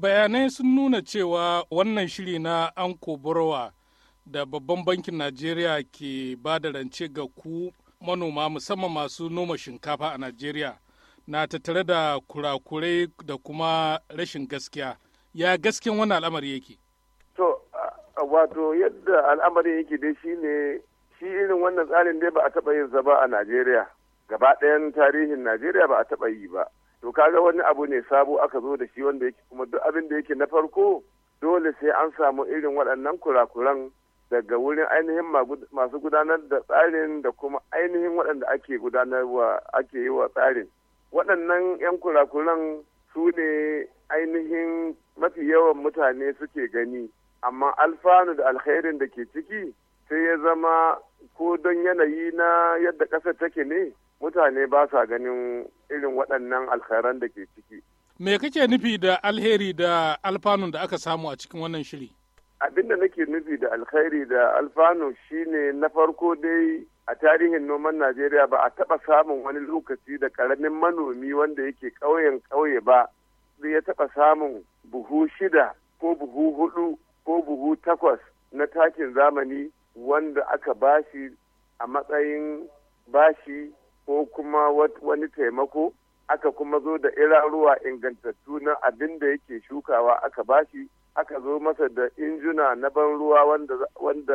bayanai sun nuna cewa wannan shiri na an da babban bankin najeriya ke ba da rance ga ku manoma musamman masu noma shinkafa a najeriya na tattare da kurakurai da kuma rashin gaskiya ya gasken wani al'amari yake to wato yadda al'amari yake dai shine shi irin wannan tsarin dai ba a taba yin zaba a najeriya gaba ɗayan tarihin najeriya ba a taɓa yi ba to kaga wani abu ne sabo aka zo da shi wanda yake kuma duk abin da yake na farko dole sai an samu irin waɗannan kurakuran daga wurin ainihin masu gudanar da tsarin da kuma ainihin waɗanda ake gudanarwa ake yi wa tsarin waɗannan 'yan kurakuran su ne ainihin mafi yawan mutane suke gani amma alfanu da alkhairin da ke ciki sai ya zama ko don yanayi na yadda ƙasar take ne mutane ba sa ganin irin waɗannan alkhairan da ke ciki. Me kake nufi da alheri da alfanun da aka samu a cikin wannan shiri? Abin da nake nufi da alkhairi da alfanu shine na farko dai a tarihin noman Najeriya ba a taɓa samun wani lokaci da ƙaramin manomi wanda yake ƙauyen ƙauye ba ya taɓa samun buhu shida ko buhu hudu ko buhu takwas na takin zamani wanda aka bashi a matsayin bashi ko kuma wani taimako aka kuma zo da iraruwa ingantattu na abin da yake shukawa aka bashi aka zo masa da injuna na ban ruwa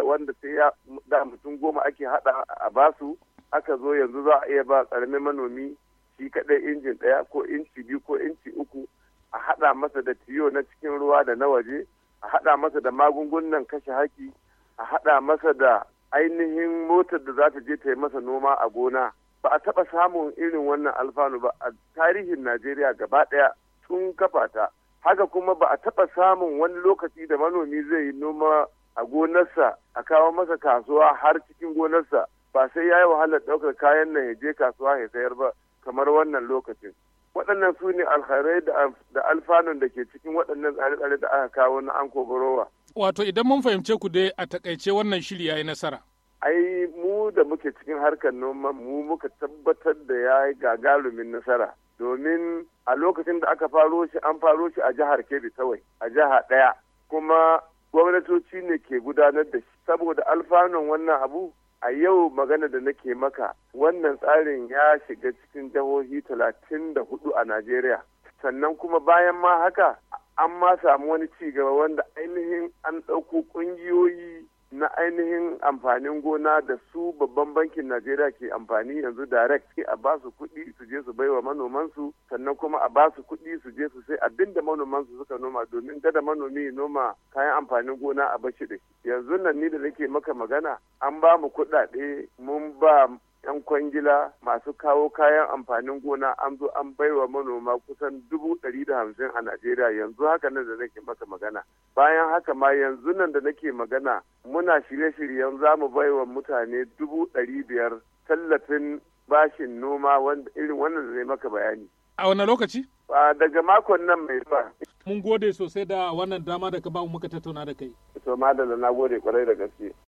wanda sai ya da mutum goma ake hada a basu aka zo yanzu za a iya ba karamin manomi shi kadai injin daya ko inci biyu ko inci uku a hada masa da tiyo na cikin ruwa da na waje a hada masa da magungunan kashe haki a haɗa masa da ainihin motar da za ta je ta yi masa noma a gona ba a taɓa samun irin wannan alfanu ba a tarihin najeriya gaba ɗaya tun kafa ta haka kuma ba a taɓa samun wani lokaci da manomi zai yi noma a gonarsa a kawo masa kasuwa har cikin gonarsa ba sai ya yi wahalar ɗaukar kayan nan ya je kasuwa ya sayar ba kamar wannan lokacin waɗannan su ne alkhairai da alfanun da ke cikin waɗannan tsare-tsare da aka kawo na an kogorowa. Wato idan mun fahimce ku dai a takaice wannan shiri ya yi nasara. Ai mu da muke cikin harkar noma mu muka tabbatar da ya yi gagarumin nasara. Domin a lokacin da aka faro shi an faro shi a jihar Kebbi kawai a jiha ɗaya kuma gwamnatoci ne ke gudanar da shi saboda alfanun wannan abu a yau magana da nake maka wannan tsarin ya shiga cikin jihohi talatin da hudu a najeriya sannan kuma bayan ma haka an ma samu wani ci gaba wanda ainihin an ɗauko ƙungiyoyi na ainihin amfanin gona da su babban bankin najeriya ke amfani yanzu direct sai a basu kuɗi su je su baiwa manomansu sannan kuma a basu kuɗi su je su sai abin da manomansu suka noma domin kada manomi noma kayan amfanin gona a bashi da yanzu nan ni da nake maka magana an ba mu kuɗaɗe mun ba 'yan kwangila masu kawo kayan amfanin gona an zo an baiwa manoma kusan dubu ɗari da hamsin a Najeriya yanzu haka nan da nake maka magana. Bayan haka ma yanzu nan da nake magana muna shirye-shiryen za mu baiwa mutane dubu ɗari biyar tallafin bashin noma irin wannan da zai maka bayani. A wane lokaci? daga makon nan mai zuwa. Mun gode sosai da wannan dama da ka ba mu muka tattauna da kai. To madalla na gode kwarai da gaske.